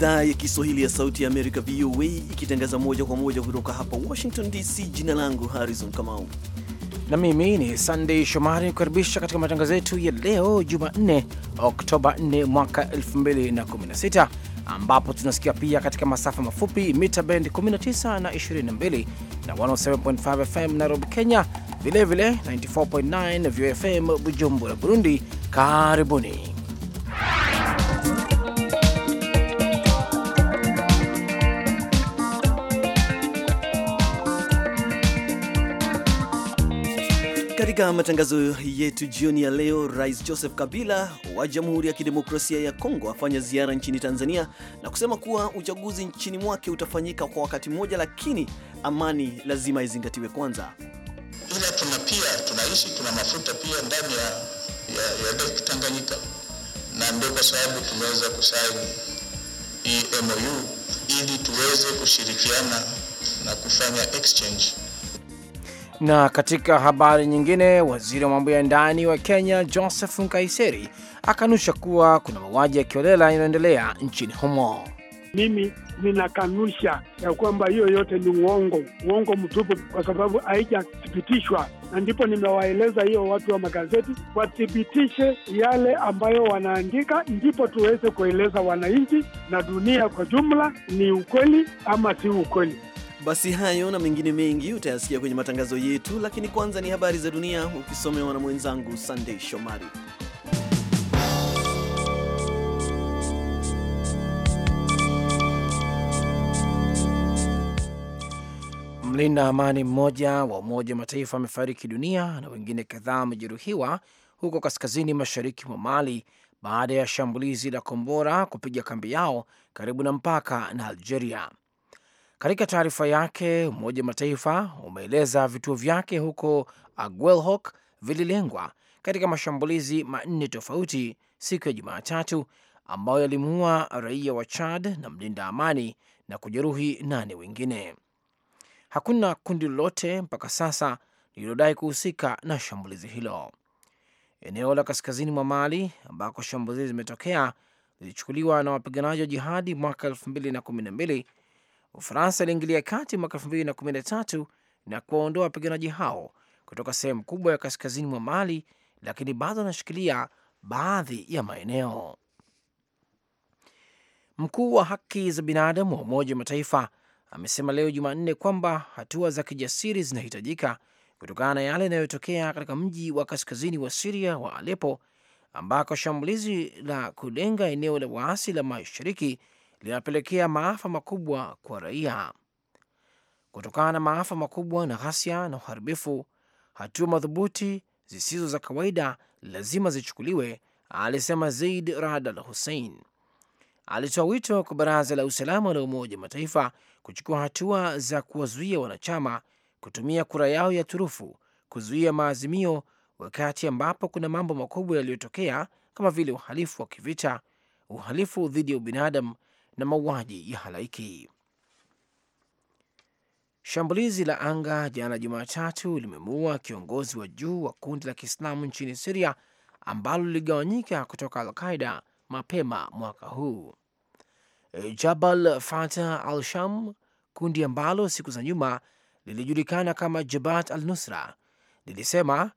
idhaa ya Kiswahili ya Sauti ya Amerika, VOA, ikitangaza moja kwa moja kutoka hapa Washington DC. Jina langu Harrison Kamau na mimi ni Sandey Shomari, nikukaribisha katika matangazo yetu ya leo Jumanne, Oktoba 4 mwaka 2016 ambapo tunasikia pia katika masafa mafupi mita bend 19 na 22 na 107.5 FM Nairobi, Kenya, vilevile 94.9 VFM Bujumbura, Burundi. Karibuni. Katika matangazo yetu jioni ya leo, Rais Joseph Kabila wa Jamhuri ya Kidemokrasia ya Kongo afanya ziara nchini Tanzania na kusema kuwa uchaguzi nchini mwake utafanyika kwa wakati mmoja, lakini amani lazima izingatiwe kwanza. Ila tuna pia tunaishi tuna mafuta pia ndani ya, ya, ya Lake Tanganyika, na ndio kwa sababu tumeweza kusaini hii MOU ili tuweze kushirikiana na kufanya exchange na katika habari nyingine, waziri wa mambo ya ndani wa Kenya Joseph Nkaiseri akanusha kuwa kuna mauaji ya kiolela yanayoendelea nchini humo. Mimi ninakanusha ya kwamba hiyo yote ni uongo, uongo mtupu, kwa sababu haijathibitishwa, na ndipo nimewaeleza hiyo watu wa magazeti wathibitishe yale ambayo wanaandika, ndipo tuweze kueleza wananchi na dunia kwa jumla ni ukweli ama si ukweli. Basi hayo na mengine mengi utayasikia kwenye matangazo yetu, lakini kwanza ni habari za dunia ukisomewa na mwenzangu sandey Shomari. Mlinda amani mmoja wa Umoja wa Mataifa amefariki dunia na wengine kadhaa wamejeruhiwa huko kaskazini mashariki mwa Mali baada ya shambulizi la kombora kupiga kambi yao karibu na mpaka na Algeria. Katika taarifa yake, Umoja Mataifa umeeleza vituo vyake huko Aguelhok vililengwa katika mashambulizi manne tofauti siku ya Jumatatu ambayo yalimuua raia wa Chad na mlinda amani na kujeruhi nane wengine. Hakuna kundi lolote mpaka sasa lililodai kuhusika na shambulizi hilo. Eneo la kaskazini mwa Mali ambako shambulizi zimetokea lilichukuliwa na wapiganaji wa jihadi mwaka elfu mbili na kumi na mbili Ufaransa iliingilia kati mwaka elfu mbili na kumi na tatu na kuwaondoa wapiganaji hao kutoka sehemu kubwa ya kaskazini mwa Mali, lakini bado anashikilia baadhi ya maeneo. Mkuu wa haki za binadamu wa Umoja wa Mataifa amesema leo Jumanne kwamba hatua za kijasiri zinahitajika kutokana na yale yanayotokea katika mji wa kaskazini wa Siria wa Alepo ambako shambulizi la kulenga eneo la waasi la mashariki linapelekea maafa makubwa kwa raia. Kutokana na maafa makubwa na ghasia na uharibifu, hatua madhubuti zisizo za kawaida lazima zichukuliwe, alisema Zaid Rad Al Hussein. Alitoa wito kwa Baraza la Usalama la Umoja wa Mataifa kuchukua hatua za kuwazuia wanachama kutumia kura yao ya turufu kuzuia maazimio wakati ambapo kuna mambo makubwa yaliyotokea kama vile uhalifu wa kivita, uhalifu dhidi ya ubinadamu na mauaji ya halaiki. Shambulizi la anga jana Jumatatu limemuua kiongozi wa juu wa kundi la Kiislamu nchini Siria ambalo liligawanyika kutoka Al Qaida mapema mwaka huu. Eh, Jabal Fatah al Sham, kundi ambalo siku za nyuma lilijulikana kama Jabat al Nusra, lilisema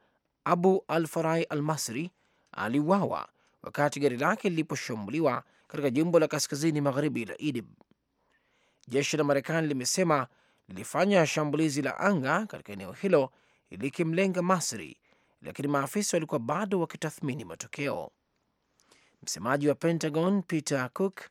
Abu al Farai al Masri aliuawa wakati gari lake liliposhambuliwa katika jimbo la kaskazini magharibi la Idlib. Jeshi la Marekani limesema lilifanya shambulizi la anga katika eneo hilo likimlenga Masri, lakini maafisa walikuwa bado wakitathmini matokeo. Msemaji wa Pentagon Peter Cook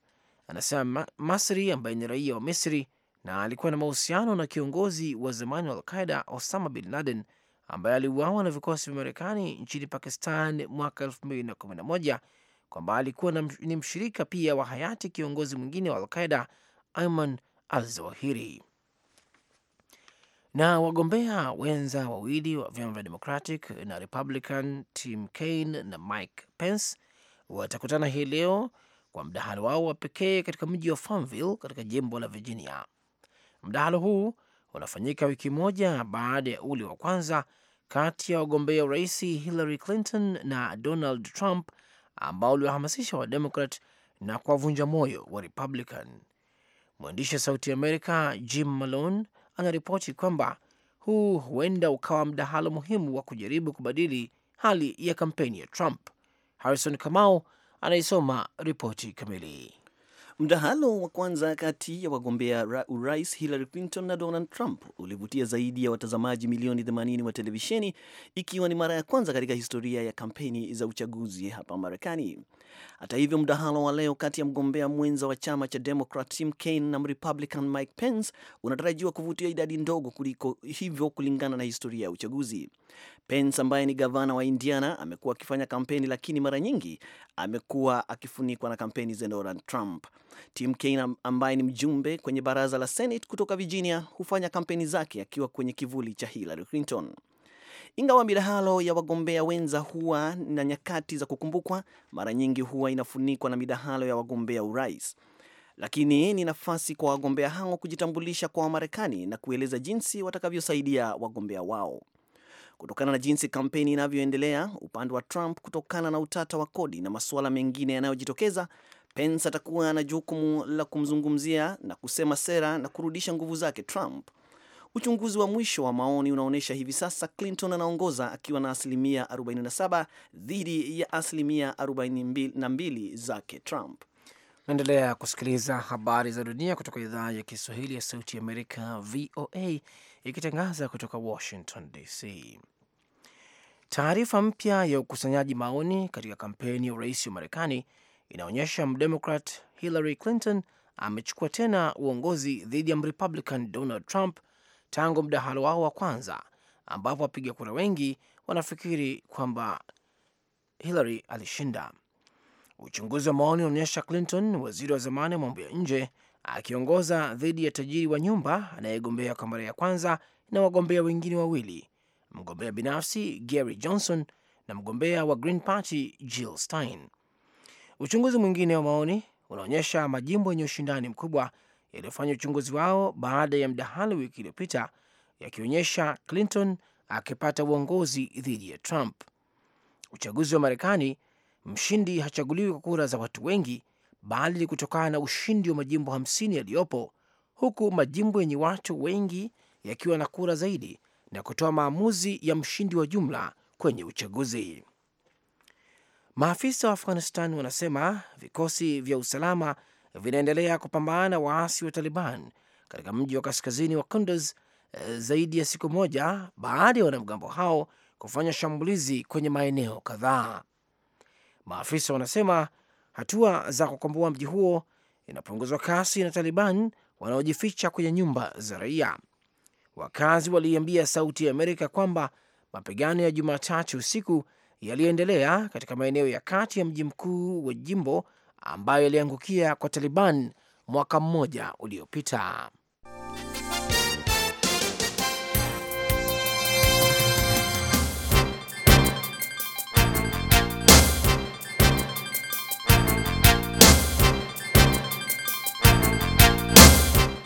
anasema Masri ambaye ni raia wa Misri na alikuwa na mahusiano na kiongozi wa zamani wa Alqaida Osama bin Laden ambaye aliuawa na vikosi vya Marekani nchini Pakistan mwaka 2011 kwamba alikuwa ni mshirika pia wa hayati kiongozi mwingine wa Alqaida Ayman al-Zawahiri. Na wagombea wenza wawili wa vyama vya Democratic na Republican, Tim Kaine na Mike Pence watakutana hii leo kwa mdahalo wao wa pekee katika mji wa Farmville katika jimbo la Virginia. Mdahalo huu unafanyika wiki moja baada ya ule wa kwanza kati ya wagombea urais Hillary Clinton na Donald Trump ambao uliwahamasisha Wademokrat na kuwavunja moyo wa Republican. Mwandishi wa Sauti ya Amerika Jim Malone anaripoti kwamba huu huenda ukawa mdahalo muhimu wa kujaribu kubadili hali ya kampeni ya Trump. Harrison Kamau anaisoma ripoti kamili. Mdahalo wa kwanza kati ya wagombea urais Hillary Clinton na Donald Trump ulivutia zaidi ya watazamaji milioni 80 wa televisheni, ikiwa ni mara ya kwanza katika historia ya kampeni za uchaguzi hapa Marekani. Hata hivyo, mdahalo wa leo kati ya mgombea mwenza wa chama cha Democrat Tim Kaine na Republican Mike Pence unatarajiwa kuvutia idadi ndogo kuliko hivyo, kulingana na historia ya uchaguzi. Pence ambaye ni gavana wa Indiana amekuwa akifanya kampeni, lakini mara nyingi amekuwa akifunikwa na kampeni za Donald Trump. Tim Kaine ambaye ni mjumbe kwenye baraza la Senate kutoka Virginia hufanya kampeni zake akiwa kwenye kivuli cha Hillary Clinton. Ingawa midahalo ya wagombea wenza huwa na nyakati za kukumbukwa, mara nyingi huwa inafunikwa na midahalo ya wagombea urais, lakini ni nafasi kwa wagombea hao kujitambulisha kwa Wamarekani na kueleza jinsi watakavyosaidia wagombea wao. Kutokana na jinsi kampeni inavyoendelea upande wa Trump, kutokana na utata wa kodi na masuala mengine yanayojitokeza, Pence atakuwa na jukumu la kumzungumzia na kusema sera na kurudisha nguvu zake Trump. Uchunguzi wa mwisho wa maoni unaonyesha hivi sasa Clinton anaongoza akiwa na asilimia 47 dhidi ya asilimia 42 zake Trump. Naendelea kusikiliza habari za dunia kutoka idhaa ya Kiswahili ya Sauti ya Amerika, VOA, ikitangaza kutoka Washington DC. Taarifa mpya ya ukusanyaji maoni katika kampeni ya urais wa Marekani inaonyesha mdemokrat Hillary Clinton amechukua tena uongozi dhidi ya mrepublican Donald Trump tangu mdahalo wao wa kwanza, ambapo wapiga kura wengi wanafikiri kwamba Hillary alishinda. Uchunguzi wa maoni unaonyesha Clinton, waziri wa zamani wa mambo ya nje, akiongoza dhidi ya tajiri wa nyumba anayegombea kwa mara ya kwanza na wagombea wengine wawili, mgombea binafsi Gary Johnson na mgombea wa Green Party Jill Stein. Uchunguzi mwingine wa maoni unaonyesha majimbo yenye ushindani mkubwa yaliyofanya uchunguzi wao baada ya mdahalo wiki iliyopita yakionyesha Clinton akipata uongozi dhidi ya Trump. Uchaguzi wa Marekani, mshindi hachaguliwi kwa kura za watu wengi, bali ni kutokana na ushindi wa majimbo hamsini yaliyopo, huku majimbo yenye watu wengi yakiwa na kura zaidi na kutoa maamuzi ya mshindi wa jumla kwenye uchaguzi. Maafisa wa Afghanistan wanasema vikosi vya usalama vinaendelea kupambana na waasi wa Taliban katika mji wa kaskazini wa Kunduz eh, zaidi ya siku moja baada ya wanamgambo hao kufanya shambulizi kwenye maeneo kadhaa. Maafisa wanasema hatua za kukomboa mji huo inapunguzwa kasi na Taliban wanaojificha kwenye nyumba za raia. Wakazi waliambia Sauti ya Amerika kwamba mapigano ya Jumatatu usiku yaliyoendelea katika maeneo ya kati ya mji mkuu wa jimbo ambayo yaliangukia kwa Taliban mwaka mmoja uliopita.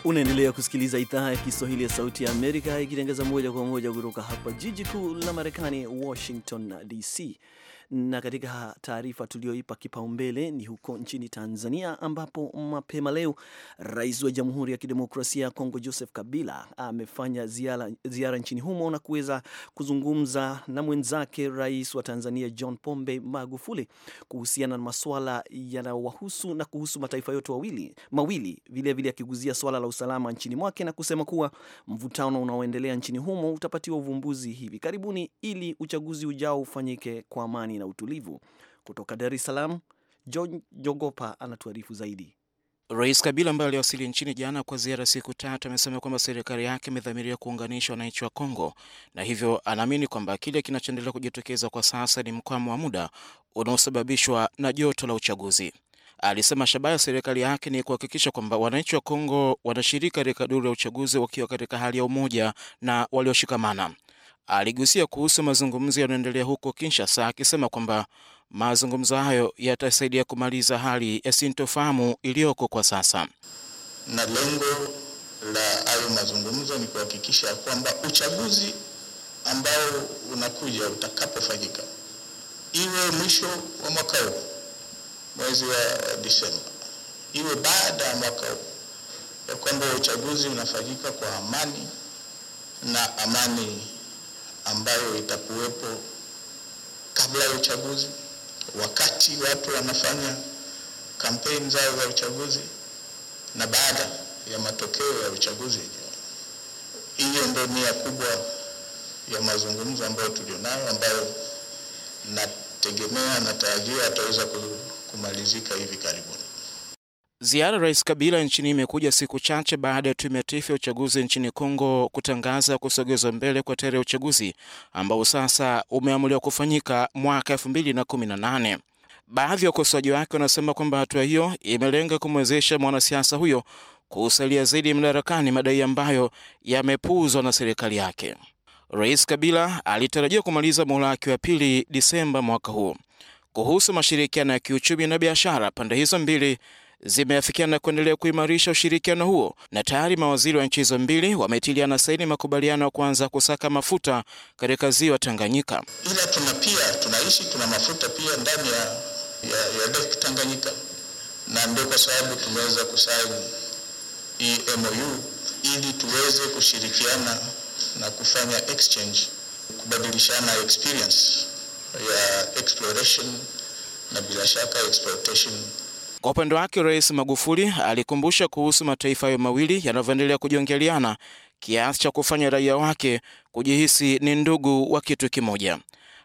Unaendelea kusikiliza idhaa ya Kiswahili ya Sauti ya Amerika ikitangaza moja kwa moja kutoka hapa jiji kuu la Marekani, Washington DC. Na katika taarifa tuliyoipa kipaumbele ni huko nchini Tanzania, ambapo mapema leo rais wa Jamhuri ya Kidemokrasia ya Kongo Joseph Kabila amefanya ziara, ziara nchini humo na kuweza kuzungumza na mwenzake rais wa Tanzania John Pombe Magufuli kuhusiana na masuala yanayowahusu na kuhusu mataifa yote wawili mawili, vilevile akiguzia swala la usalama nchini mwake na kusema kuwa mvutano unaoendelea nchini humo utapatiwa uvumbuzi hivi karibuni ili uchaguzi ujao ufanyike kwa amani na utulivu. Kutoka Dar es Salaam, John Jogopa anatuarifu zaidi. Rais Kabila ambaye aliwasili nchini jana kwa ziara siku tatu amesema kwamba serikali yake imedhamiria kuunganisha wananchi wa Kongo na hivyo anaamini kwamba kile kinachoendelea kujitokeza kwa sasa ni mkwamo wa muda unaosababishwa na joto la uchaguzi. Alisema shabaha ya serikali yake ni kuhakikisha kwamba wananchi wa Kongo wanashiriki katika duru ya uchaguzi wakiwa katika hali ya umoja na walioshikamana aligusia kuhusu mazungumzo yanayoendelea huko Kinshasa, akisema kwamba mazungumzo hayo yatasaidia kumaliza hali ya sintofahamu iliyoko kwa sasa, na lengo la hayo mazungumzo ni kuhakikisha kwamba uchaguzi ambao unakuja utakapofanyika, iwe mwisho wa mwaka huu mwezi wa Disemba, iwe baada ya mwaka huu, ya kwamba uchaguzi unafanyika kwa amani na amani ambayo itakuwepo kabla ya uchaguzi, wakati watu wanafanya kampeni zao za uchaguzi na baada ya matokeo ya uchaguzi. Hiyo ndio nia kubwa ya mazungumzo ambayo tulionayo, ambayo nategemea na ataweza kumalizika hivi karibuni. Ziara Rais Kabila nchini imekuja siku chache baada ya tume ya taifa ya uchaguzi nchini Kongo kutangaza kusogezwa mbele kwa tarehe ya uchaguzi ambao sasa umeamuliwa kufanyika mwaka nane. Baadhi ya wakosoaji wake wanasema kwamba hatua hiyo imelenga kumwezesha mwanasiasa huyo kusalia zaidi madarakani, madai ambayo yamepuuzwa na serikali yake. Rais Kabila alitarajiwa kumaliza muhula wake wa pili Disemba mwaka huu. Kuhusu mashirikiano ya kiuchumi na biashara, pande hizo mbili zimeafikiana kuendelea kuimarisha ushirikiano huo na tayari mawaziri wa nchi hizo mbili wametiliana saini makubaliano ya kuanza kusaka mafuta katika ziwa Tanganyika. Ila tuna pia tunaishi tuna mafuta pia ndani ya, ya, ya Lake Tanganyika, na ndio kwa sababu tumeweza kusaini hii MOU ili tuweze kushirikiana na kufanya exchange, kubadilishana experience ya exploration na bila shaka exploitation kwa upande wake, Rais Magufuli alikumbusha kuhusu mataifa hayo mawili yanavyoendelea kujongeliana kiasi cha kufanya raia wake kujihisi ni ndugu wa kitu kimoja.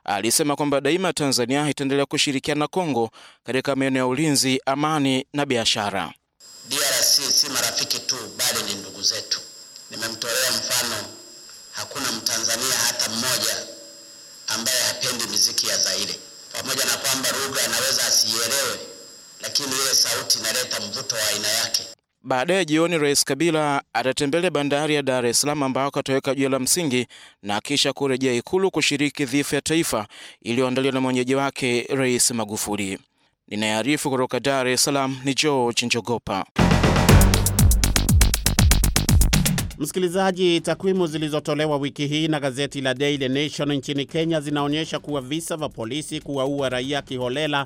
Alisema kwamba daima Tanzania itaendelea kushirikiana na Kongo katika maeneo ya ulinzi, amani na biashara. DRC si marafiki tu, bali ni ndugu zetu. Nimemtolea mfano, hakuna Mtanzania hata mmoja ambaye hapendi miziki ya Zaire, pamoja na kwamba lugha anaweza asiielewe lakini ile sauti inaleta mvuto wa aina yake. Baadaye jioni, Rais Kabila atatembelea bandari ya Dar es Salaam ambako ataweka jiwe la msingi na kisha kurejea Ikulu kushiriki dhifa ya taifa iliyoandaliwa na mwenyeji wake Rais Magufuli. ninayarifu kutoka Dar es Salaam ni George Njogopa. Msikilizaji, takwimu zilizotolewa wiki hii na gazeti la Daily Nation nchini Kenya zinaonyesha kuwa visa vya polisi kuwaua raia kiholela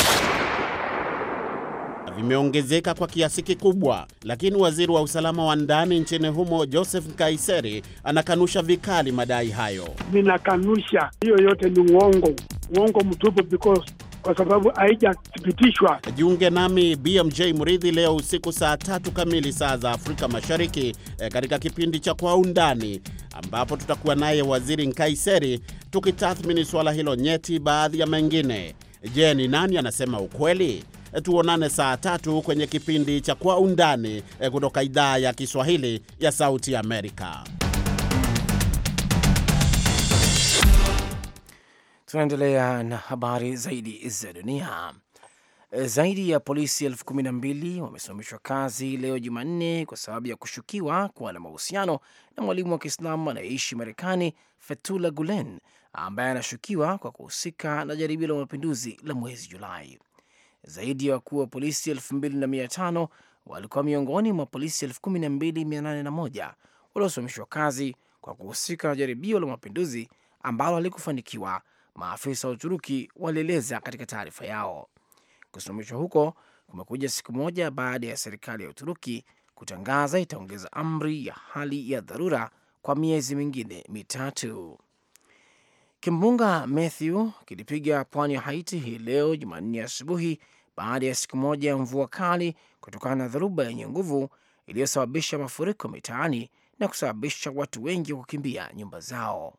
vimeongezeka kwa kiasi kikubwa, lakini waziri wa usalama wa ndani nchini humo Joseph Nkaiseri anakanusha vikali madai hayo. Ninakanusha, hiyo yote ni uongo, uongo mtupu because kwa sababu haijathibitishwa. Jiunge nami BMJ Mridhi leo usiku saa tatu kamili saa za Afrika Mashariki e, katika kipindi cha Kwa Undani ambapo tutakuwa naye Waziri Nkaiseri tukitathmini suala hilo nyeti, baadhi ya mengine. Je, ni nani anasema ukweli? tuonane saa tatu kwenye kipindi cha Kwa Undani eh, kutoka idhaa ya Kiswahili ya Sauti Amerika. Tunaendelea na habari zaidi za dunia. Eh, zaidi ya polisi elfu kumi na mbili wamesimamishwa kazi leo Jumanne kwa sababu ya kushukiwa kuwa na mahusiano na mwalimu wa Kiislamu anayeishi Marekani, Fethullah Gulen, ambaye anashukiwa kwa kuhusika na jaribio la mapinduzi la mwezi Julai. Zaidi ya wakuu wa polisi 2500 walikuwa miongoni mwa polisi 12801 waliosimamishwa kazi kwa kuhusika na jaribio la mapinduzi ambalo halikufanikiwa, maafisa wa Uturuki walieleza katika taarifa yao. Kusimamishwa huko kumekuja siku moja baada ya serikali ya Uturuki kutangaza itaongeza amri ya hali ya dharura kwa miezi mingine mitatu. Kimbunga Matthew kilipiga pwani ya Haiti hii leo Jumanne asubuhi baada ya siku moja ya mvua kali kutokana na dharuba yenye nguvu iliyosababisha mafuriko mitaani na kusababisha watu wengi wa kukimbia nyumba zao.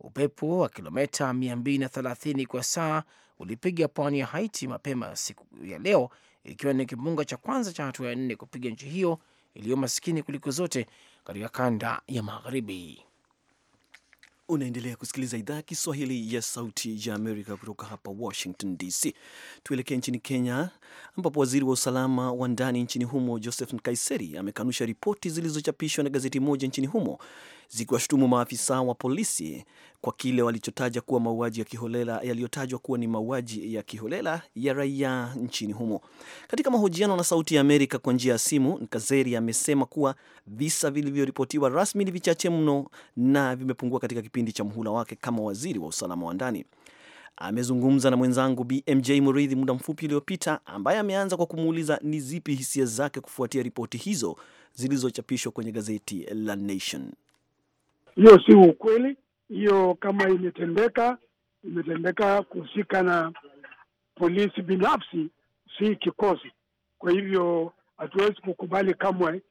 Upepo wa kilometa 230 kwa saa ulipiga pwani ya Haiti mapema siku ya leo, ikiwa ni kimbunga cha kwanza cha hatua ya nne kupiga nchi hiyo iliyo masikini kuliko zote katika kanda ya magharibi. Unaendelea kusikiliza idhaa ya Kiswahili ya Sauti ya Amerika kutoka hapa Washington DC. Tuelekee nchini Kenya, ambapo waziri wa usalama wa ndani nchini humo Joseph Nkaiseri amekanusha ripoti zilizochapishwa na gazeti moja nchini humo zikiwashutumu maafisa wa polisi kwa kile walichotaja kuwa mauaji ya kiholela yaliyotajwa kuwa ni mauaji ya kiholela ya raia nchini humo. Katika mahojiano na Sauti ya Amerika kwa njia ya simu, Nkazeri amesema kuwa visa vilivyoripotiwa rasmi ni vichache mno na vimepungua katika kipindi cha mhula wake kama waziri wa usalama wa ndani. Amezungumza na mwenzangu BMJ Muridhi muda mfupi uliopita, ambaye ameanza kwa kumuuliza ni zipi hisia zake kufuatia ripoti hizo zilizochapishwa kwenye gazeti la Nation. Hiyo si ukweli. Hiyo kama imetendeka, imetendeka kuhusika na polisi binafsi, si kikosi. Kwa hivyo hatuwezi kukubali kamwe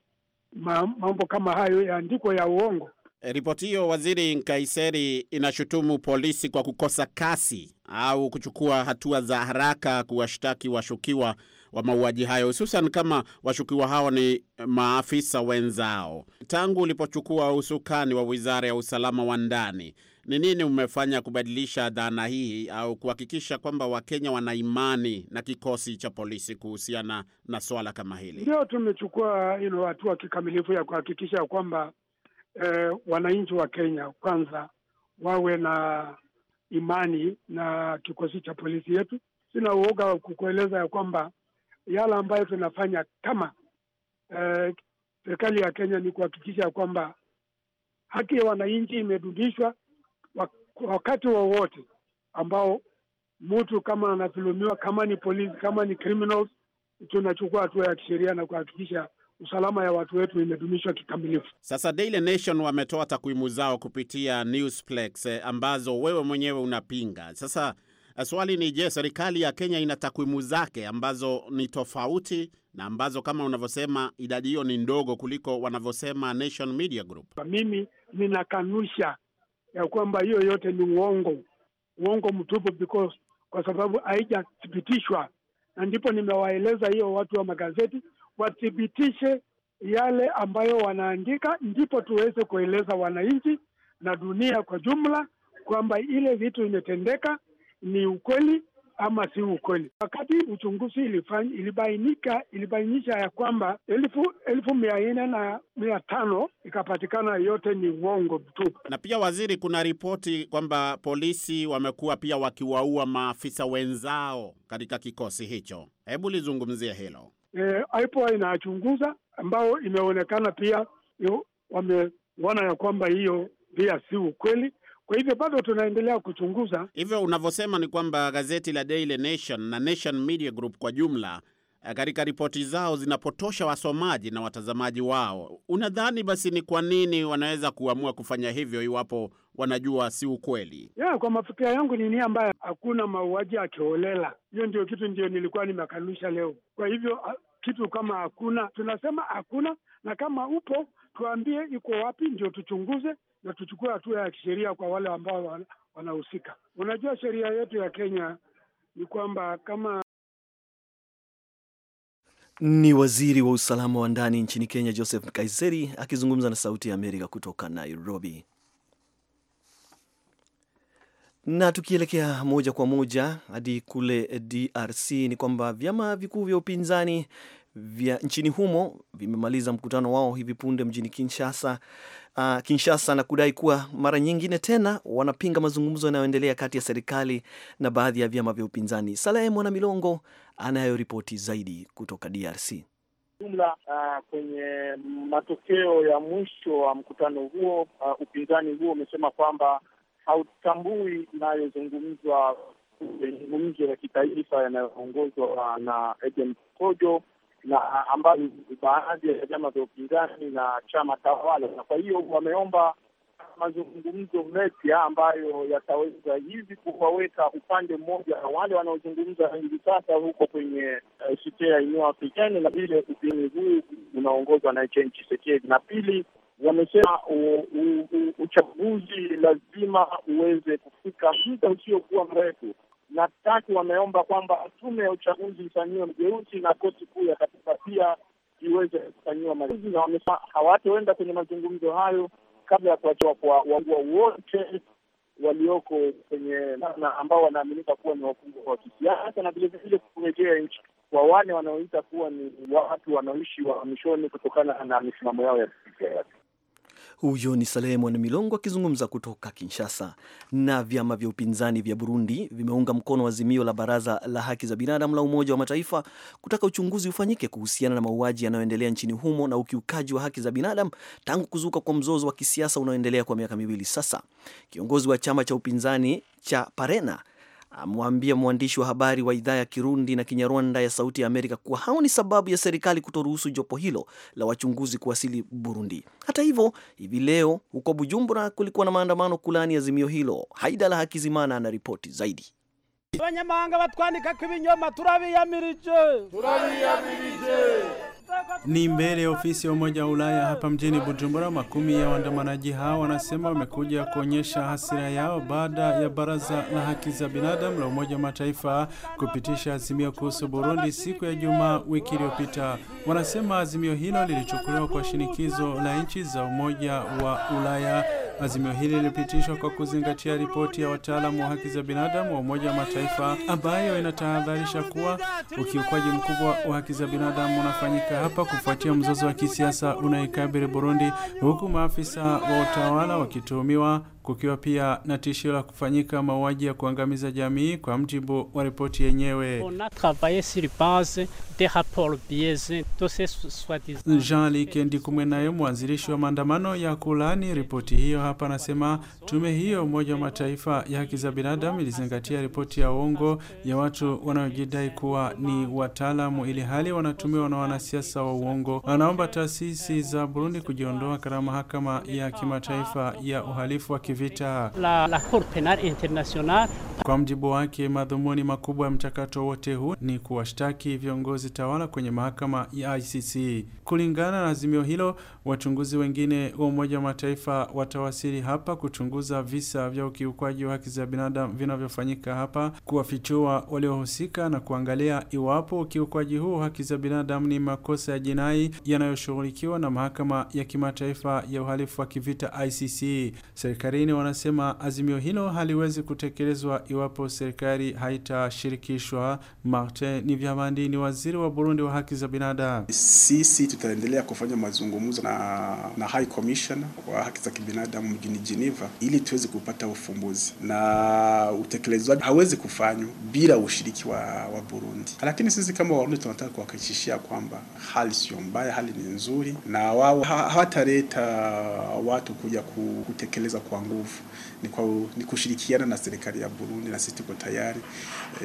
mambo kama hayo yaandikwa ya uongo. E, ripoti hiyo, Waziri Nkaiseri, inashutumu polisi kwa kukosa kasi au kuchukua hatua za haraka kuwashtaki washukiwa wa mauaji hayo, hususan kama washukiwa hao ni maafisa wenzao. Tangu ulipochukua usukani wa wizara ya usalama wa ndani, ni nini umefanya kubadilisha dhana hii au kuhakikisha kwamba Wakenya wana imani na kikosi cha polisi kuhusiana na swala kama hili? Ndio tumechukua you know, hatua kikamilifu ya kuhakikisha kwamba eh, wananchi wa Kenya kwanza wawe na imani na kikosi cha polisi yetu. Sina uoga wa kukueleza ya kwamba yale ambayo tunafanya kama eh, serikali ya Kenya ni kuhakikisha kwamba haki ya wananchi imedudishwa wakati wowote wa ambao mtu kama anadhulumiwa, kama ni polisi, kama ni criminals, tunachukua hatua ya kisheria na kuhakikisha usalama ya watu wetu imedumishwa kikamilifu. Sasa Daily Nation wametoa takwimu zao kupitia Newsplex eh, ambazo wewe mwenyewe unapinga. Sasa Eh, swali ni je, serikali ya Kenya ina takwimu zake ambazo ni tofauti na ambazo kama unavyosema idadi hiyo ni ndogo kuliko wanavyosema Nation Media Group? Mimi ninakanusha ya kwamba hiyo yote ni uongo, uongo mtupu, because kwa sababu haijathibitishwa, na ndipo nimewaeleza hiyo watu wa magazeti wathibitishe yale ambayo wanaandika, ndipo tuweze kueleza wananchi na dunia kwa jumla kwamba ile vitu imetendeka ni ukweli ama si ukweli. Wakati uchunguzi ilifanya, ilibainika ilibainisha ya kwamba elfu elfu mia nne na mia tano ikapatikana yote ni uongo tu. Na pia waziri, kuna ripoti kwamba polisi wamekuwa pia wakiwaua maafisa wenzao katika kikosi hicho. Hebu lizungumzie hilo. E, IPOA inachunguza ambao imeonekana pia wameona ya kwamba hiyo pia si ukweli kwa hivyo bado tunaendelea kuchunguza. Hivyo unavyosema ni kwamba gazeti la Daily Nation na Nation Media Group kwa jumla eh, katika ripoti zao zinapotosha wasomaji na watazamaji wao. Unadhani basi ni kwa nini wanaweza kuamua kufanya hivyo iwapo wanajua si ukweli? Ya, kwa mafikira yangu ni nia ambayo Hakuna mauaji ya kiholela. Hiyo ndio kitu ndio nilikuwa nimekanusha leo. Kwa hivyo kitu kama hakuna, tunasema hakuna, na kama upo tuambie iko wapi, ndio tuchunguze na tuchukue hatua ya kisheria kwa wale ambao wanahusika. Unajua, sheria yetu ya Kenya ni kwamba kama ni waziri wa usalama wa ndani nchini Kenya Joseph Kaiseri akizungumza na Sauti ya Amerika kutoka Nairobi. Na tukielekea moja kwa moja hadi kule DRC ni kwamba vyama vikuu vya upinzani vya nchini humo vimemaliza mkutano wao hivi punde mjini Kinshasa, uh, Kinshasa na kudai kuwa mara nyingine tena wanapinga mazungumzo yanayoendelea kati ya serikali na baadhi ya vyama vya upinzani. Salehe Mwana Milongo anayoripoti zaidi kutoka DRC. Jumla uh, kwenye matokeo ya mwisho wa mkutano huo uh, upinzani huo umesema kwamba hautambui inayozungumzwa mazungumzo ya kitaifa yanayoongozwa na Etienne Kojo na ambazo baadhi ya vyama vya upinzani na chama tawala, na kwa hiyo wameomba mazungumzo mepya ambayo yataweza hivi kuwaweka upande mmoja na wale wanaozungumza hivi sasa huko kwenye eh, site ya Union Africaine na vile upinzani huu unaongozwa na Etienne Tshisekedi. Na pili, wamesema uchaguzi lazima uweze kufika muda usiokuwa mrefu na tatu wameomba kwamba tume ya uchaguzi ifanyiwe mageuzi na koti kuu ya katiba pia iweze kufanyiwa mageuzi, na wamesema hawatoenda kwenye mazungumzo hayo kabla ya kuachiwa kwa waua wote walioko kwenye na ambao wanaaminika kuwa ni wafungwa wa kisiasa na vilevile kurejea nchi kwa wale wanaoita kuwa ni watu wanaoishi wahamishoni kutokana na misimamo yao ya kisiasa. Huyo ni Salehe Mwana Milongo akizungumza kutoka Kinshasa. Na vyama vya upinzani vya Burundi vimeunga mkono azimio la Baraza la Haki za Binadamu la Umoja wa Mataifa kutaka uchunguzi ufanyike kuhusiana na mauaji yanayoendelea nchini humo na ukiukaji wa haki za binadamu tangu kuzuka kwa mzozo wa kisiasa unaoendelea kwa miaka miwili sasa. Kiongozi wa chama cha upinzani cha Parena amwambia mwandishi wa habari wa idhaa ya Kirundi na Kinyarwanda ya Sauti ya Amerika kuwa haoni sababu ya serikali kutoruhusu jopo hilo la wachunguzi kuwasili Burundi. Hata hivyo, hivi leo huko Bujumbura kulikuwa na maandamano kulani azimio hilo. haida la Hakizimana ripoti zaidi. abanyamahanga batwandika ko ibinyoma turabiyamirije turabiyamirije ni mbele ya ofisi ya Umoja wa Ulaya hapa mjini Bujumbura. Makumi ya waandamanaji hao wanasema wamekuja kuonyesha hasira yao baada ya Baraza la Haki za Binadamu la Umoja wa Mataifa kupitisha azimio kuhusu Burundi siku ya Jumaa wiki iliyopita. Wanasema azimio hilo lilichukuliwa kwa shinikizo la nchi za Umoja wa Ulaya Azimio hili lilipitishwa kwa kuzingatia ripoti ya wataalamu wa haki za binadamu wa Umoja wa Mataifa ambayo inatahadharisha kuwa ukiukwaji mkubwa wa haki za binadamu unafanyika hapa kufuatia mzozo wa kisiasa unaikabiri Burundi, huku maafisa wa utawala wakituhumiwa kukiwa pia na tishio la kufanyika mauaji ya kuangamiza jamii kwa mjibu wa ripoti yenyewe. Jean Like kumwe naye mwanzilishi wa maandamano ya kulani ripoti hiyo hapa anasema tume hiyo Umoja wa Mataifa ya haki za binadamu ilizingatia ripoti ya uongo ya watu wanaojidai kuwa ni wataalamu ili hali wanatumiwa na wanasiasa wa uongo. Wanaomba taasisi za Burundi kujiondoa katika mahakama ya kimataifa ya uhalifu wa kivita vita la, la Cour Penal International. Kwa mjibu wake, madhumuni makubwa ya mchakato wote huu ni kuwashtaki viongozi tawala kwenye mahakama ya ICC. Kulingana na azimio hilo, wachunguzi wengine wa Umoja wa Mataifa watawasili hapa kuchunguza visa vya ukiukwaji wa haki za binadamu vinavyofanyika hapa, kuwafichua waliohusika na kuangalia iwapo ukiukwaji huu wa haki za binadamu ni makosa ya jinai yanayoshughulikiwa na mahakama ya kimataifa ya uhalifu wa kivita ICC. Serikali Ukraini wanasema azimio hilo haliwezi kutekelezwa iwapo serikali haitashirikishwa. Martin nivyamandi ni waziri wa Burundi wa haki za binadamu. Sisi tutaendelea kufanya mazungumzo na, na High Commissioner wa haki za kibinadamu mjini Geneva ili tuweze kupata ufumbuzi, na utekelezwaji hawezi kufanywa bila ushiriki wa, wa Burundi. Lakini sisi kama Warundi tunataka kuhakikishia kwamba hali sio mbaya, hali ni nzuri, na wao hawataleta watu kuja kutekeleza kwa nguvu ni, kwa, ni kushirikiana na serikali ya Burundi na sisi tuko tayari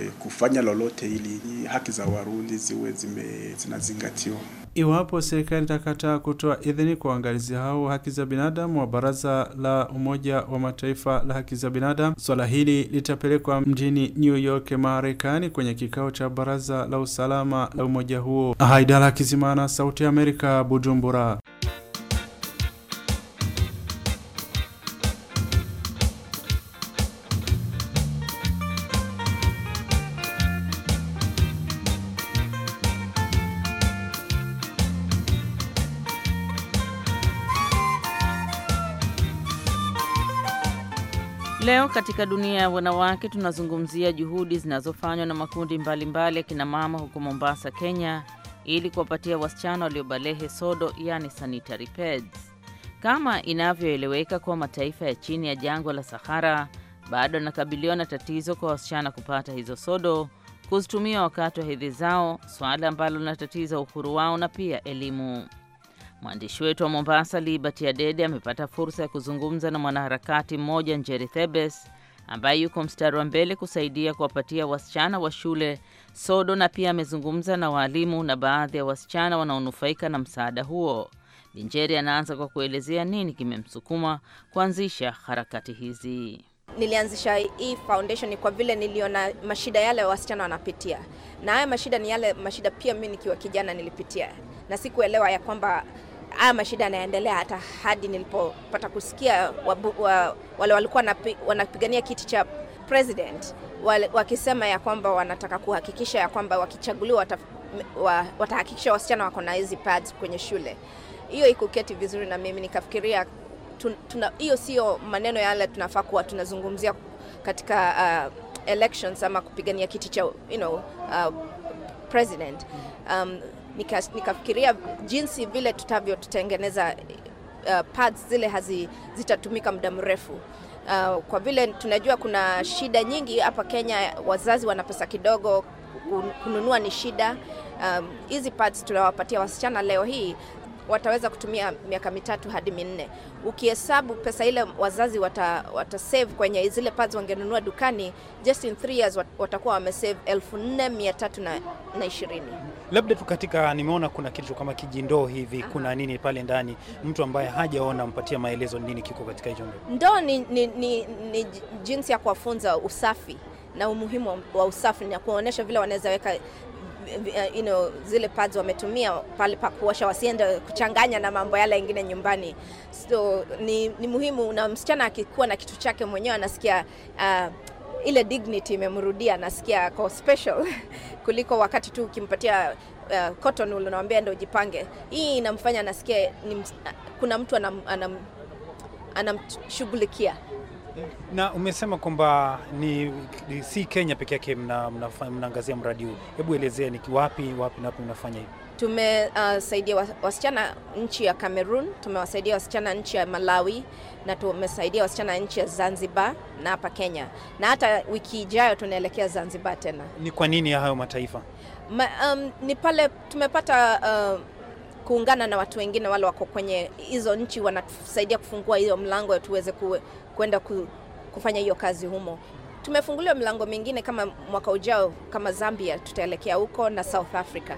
eh, kufanya lolote ili haki za Warundi ziwe zime, zinazingatiwa. Iwapo serikali itakataa kutoa idhini kwa waangalizi hao haki za binadamu wa Baraza la Umoja wa Mataifa la haki za binadamu, swala hili litapelekwa mjini New York, Marekani, kwenye kikao cha Baraza la Usalama la umoja huo. Haidala Kizimana, Sauti ya Amerika, Bujumbura. Leo katika dunia ya wanawake tunazungumzia juhudi zinazofanywa na makundi mbalimbali ya kinamama huko Mombasa, Kenya, ili kuwapatia wasichana waliobalehe sodo, yani sanitary pads. Kama inavyoeleweka kuwa mataifa ya chini ya jangwa la Sahara bado yanakabiliwa na tatizo kwa wasichana kupata hizo sodo kuzitumia wakati wa hedhi zao, suala ambalo linatatiza uhuru wao na pia elimu. Mwandishi wetu wa Mombasa, Liberty Adede, amepata fursa ya kuzungumza na mwanaharakati mmoja Njeri Thebes ambaye yuko mstari wa mbele kusaidia kuwapatia wasichana wa shule sodo, na pia amezungumza na waalimu na baadhi ya wasichana wanaonufaika na msaada huo. Binjeri anaanza kwa kuelezea nini kimemsukuma kuanzisha harakati hizi. Nilianzisha hii foundation kwa vile niliona mashida yale wasichana wanapitia, na haya mashida ni yale mashida pia mimi nikiwa kijana nilipitia na sikuelewa ya kwamba haya mashida yanaendelea hata hadi nilipopata kusikia wale walikuwa napi, wanapigania kiti cha president wakisema ya kwamba wanataka kuhakikisha ya kwamba wakichaguliwa wata, wa, watahakikisha wasichana wako na hizi pads kwenye shule. Hiyo ikuketi vizuri na mimi nikafikiria hiyo sio maneno yale tunafaa kuwa tunazungumzia katika uh, elections ama kupigania kiti cha you know, uh, president um, nika, nikafikiria jinsi vile tutavyotengeneza uh, pads zile hazi, zitatumika muda mrefu. Uh, kwa vile tunajua kuna shida nyingi hapa Kenya, wazazi wana pesa kidogo, kununua ni shida. Um, hizi um, pads tunawapatia wasichana leo hii wataweza kutumia miaka mitatu hadi minne. Ukihesabu pesa ile wazazi wata, wata save kwenye zile pads wangenunua dukani, just in 3 years watakuwa wamesave ishirini labda tu. Katika nimeona kuna kitu kama kijindoo hivi, Aha. kuna nini pale ndani? Mtu ambaye hajaona mpatia maelezo nini kiko katika hicho ndoo. Ni, ni, ni, ni jinsi ya kuwafunza usafi na umuhimu wa usafi na kuonyesha vile wanaweza weka Eh, you know, zile pads wametumia pale pa kuosha wasiende kuchanganya na mambo yale mengine nyumbani. So ni, ni muhimu na msichana akikuwa na kitu chake mwenyewe anasikia uh, ile dignity imemrudia, anasikia ko special kuliko wakati tu ukimpatia uh, cotton wool unamwambia ndio ujipange. Hii inamfanya anasikia ni, kuna mtu anam, anam, anamshughulikia na umesema kwamba ni, ni si Kenya peke yake mnaangazia mna, mna mradi huu. Hebu elezea ni wapi wapi na mnafanya hivi? Tumesaidia uh, wasichana nchi ya Cameroon, tumewasaidia wasichana nchi ya Malawi na tumesaidia wasichana nchi ya Zanzibar na hapa Kenya, na hata wiki ijayo tunaelekea Zanzibar tena. Ni kwa nini ya hayo mataifa? Ma, um, ni pale tumepata uh, kuungana na watu wengine wale wako kwenye hizo nchi, wanatusaidia kufungua hiyo mlango ya tuweze kwenda ku, kufanya hiyo kazi humo. Tumefunguliwa mlango mingine, kama mwaka ujao, kama Zambia tutaelekea huko na South Africa.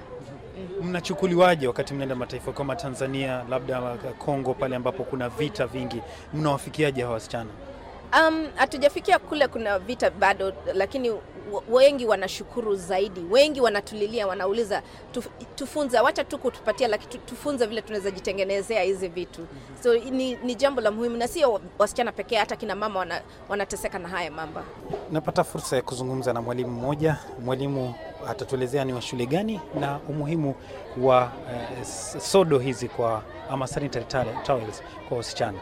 Mm. Mnachukuliwaje wakati mnaenda mataifa kama Tanzania, labda Kongo, pale ambapo kuna vita vingi, mnawafikiaje hawa wasichana? Um, hatujafikia kule kuna vita bado, lakini wengi wanashukuru zaidi, wengi wanatulilia, wanauliza tuf, tufunza, wacha tu kutupatia, lakini tufunza vile tunaweza jitengenezea hizi vitu mm -hmm. So ni, ni jambo la muhimu na sio wasichana pekee, hata kina mama wana, wanateseka na haya mamba. Napata fursa ya kuzungumza na mwalimu mmoja, mwalimu atatuelezea ni wa shule gani na umuhimu wa eh, sodo hizi kwa ama sanitary towels kwa wasichana.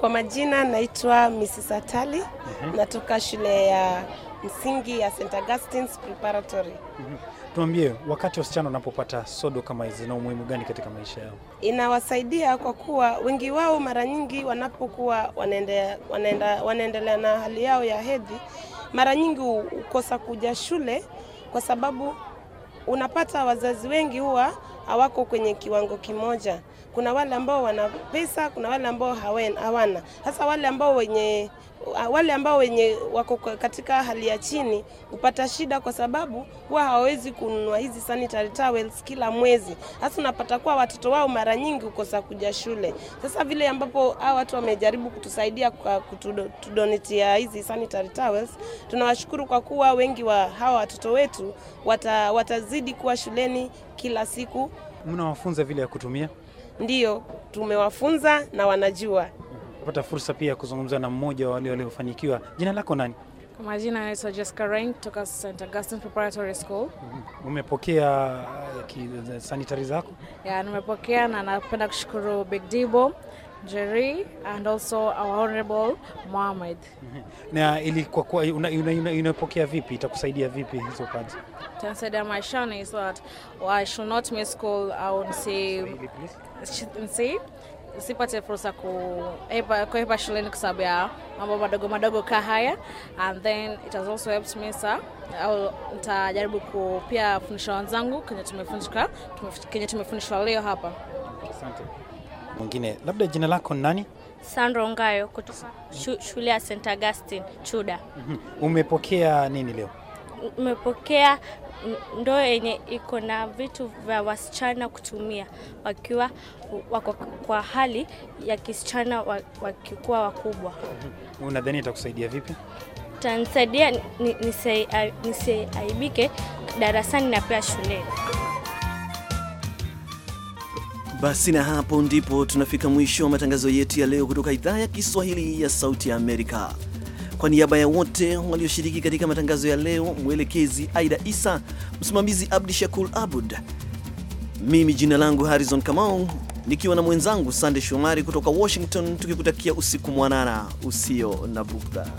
Kwa majina naitwa Mrs. Atali. mm -hmm. Natoka shule ya msingi ya St. Augustine's Preparatory. mm -hmm. Tuambie, wakati wasichana wanapopata sodo kama hizi zina umuhimu gani katika maisha yao? Inawasaidia kwa kuwa wengi wao mara nyingi wanapokuwa wanaendelea wanaenda, wanaendelea na hali yao ya hedhi, mara nyingi hukosa kuja shule kwa sababu unapata wazazi wengi huwa hawako kwenye kiwango kimoja. Kuna wale ambao wana pesa, kuna wale ambao hawana. Hasa wale ambao wenye wale ambao wenye wako katika hali ya chini hupata shida, kwa sababu huwa hawawezi kununua hizi sanitary towels kila mwezi. Hasa unapata kuwa watoto wao mara nyingi hukosa kuja shule. Sasa vile ambapo hao watu wamejaribu kutusaidia kwa kutudonetia hizi sanitary towels, tunawashukuru kwa kuwa wengi wa hawa watoto wetu wata, watazidi kuwa shuleni kila siku. Mnawafunza vile ya kutumia Ndiyo, tumewafunza na wanajua. Pata fursa pia ya kuzungumza na mmoja wa wale waliofanikiwa. Jina lako nani? Kwa majina naitwa Jessica Rain kutoka St. Augustine Preparatory School. Mm-hmm. Umepokea uh, sanitari zako? Ya, nimepokea na napenda kushukuru Big Dibo Jerry and also our honorable Mohamed. Na ili kwa kwa unapokea vipi, itakusaidia vipi hizo cards? Tansaidia maishani is that I should not miss school au nsi sipate fursa kuhepa shuleni kwa sababu ya mambo madogo madogo ka haya, and then it has also helped me sir au nitajaribu ku pia fundisha wenzangu kenye tumefundishwa leo hapa. Asante mwingine. Labda jina lako nani? Sandro Ngayo kutoka shule ya St Augustine Chuda. Umepokea nini leo? Umepokea ndoo yenye iko na vitu vya wasichana kutumia wakiwa wako kwa hali ya kisichana wakikuwa wakubwa. Unadhani itakusaidia vipi? Tanisaidia nisiaibike darasani na pia shuleni. Basi na hapo ndipo tunafika mwisho wa matangazo yetu ya leo kutoka idhaa ya Kiswahili ya Sauti ya Amerika. Kwa niaba ya wote walioshiriki katika matangazo ya leo, mwelekezi Aida Isa, msimamizi Abdi Shakur Abud, mimi jina langu Harrison Kamau nikiwa na mwenzangu Sande Shomari kutoka Washington, tukikutakia usiku mwanana usio na bughudha.